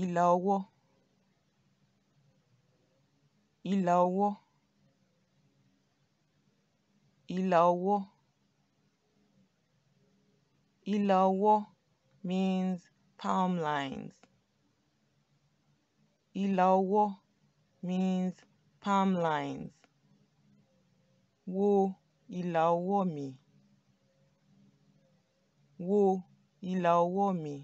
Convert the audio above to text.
ìlà ọwọ́ ìlà ọwọ́ ìlà ọwọ́ ìlà ọwọ́ means palm lines ìlà ọwọ́ means palm lines wo ìlà ọwọ́ mi wo ìlà ọwọ́ mi